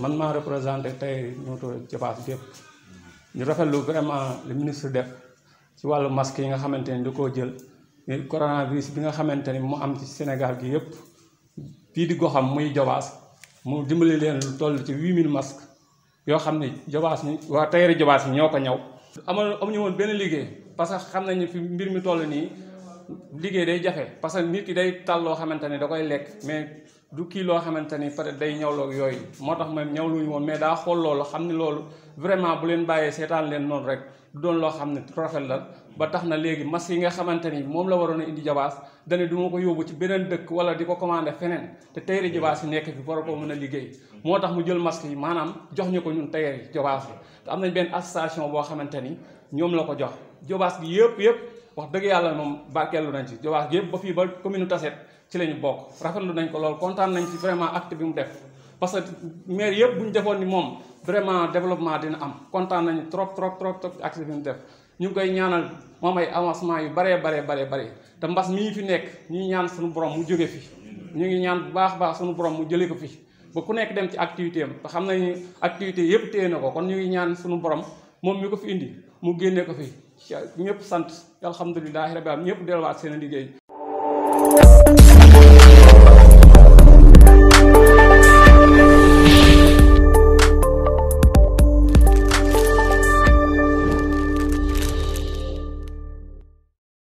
man maa représenté tey ñëw too Jobaas bi ñu rafetlu vraiment le ministre def ci wàllu masque yi nga xamante ni di koo jël coronavirus bi nga xamante ni mu am ci Sénégal gi yépp fii di goxam muy Jobaas mu dimbali leen lu toll ci huit mille masques yoo xam ne Jobaas ñi waa tayari Jobaas ñoo ko ñaw. amoon amuñu woon benn liggéey parce que xam nañu fi mbir mi toll nii liggéey day jafe parce que nit ki day tal loo xamante ne da koy lekk mais. du kii loo xamante ni peut-être day ñawloog yooyu moo tax man ñawluñu woon mais daa xool loolu xam ni loolu vraiment bu leen bàyyee seetaan leen noonu rek du doon loo xam ne rafet la ba tax na léegi masque yi nga xamante ni moom la waroon a indi jabaas dane du ma ko yóbbu ci beneen dëkk wala di ko commandé feneen te tayari jabaas yi nekk fi war koo mën a liggéey moo tax mu jël masque yi maanaam jox ñu ko ñun tayari jabaas yi te am nañ benn association boo xamante ni ñoom la ko jox jabaas bi yëpp yëpp wax dëgg yàlla moom barkeelu nañ ci jabaas gi yëpp ba fii ba commune Tassette ci la ñu bokk rafetlu nañ ko loolu kontaan nañ ci vraiment acte bi mu def parce que maire yëpp bu ñu ni mom vraiment développement dina am content nañ trop trop trop trop ci bi ñu def ñu koy ñaanal mom ay avancement yu bare bare bare bare te mbass mi fi nek ñi ñaan suñu borom mu jóge fi ñi ngi ñaan bu baax baax suñu borom mu jëlee ko fi ba ku nek dem ci activité am xam nañ activité yëpp téye ko kon ñu ngi ñaan suñu borom mom mi ko fi indi mu génné ko fi ñepp sant alhamdullilah rabbi am delu wat seen liggéey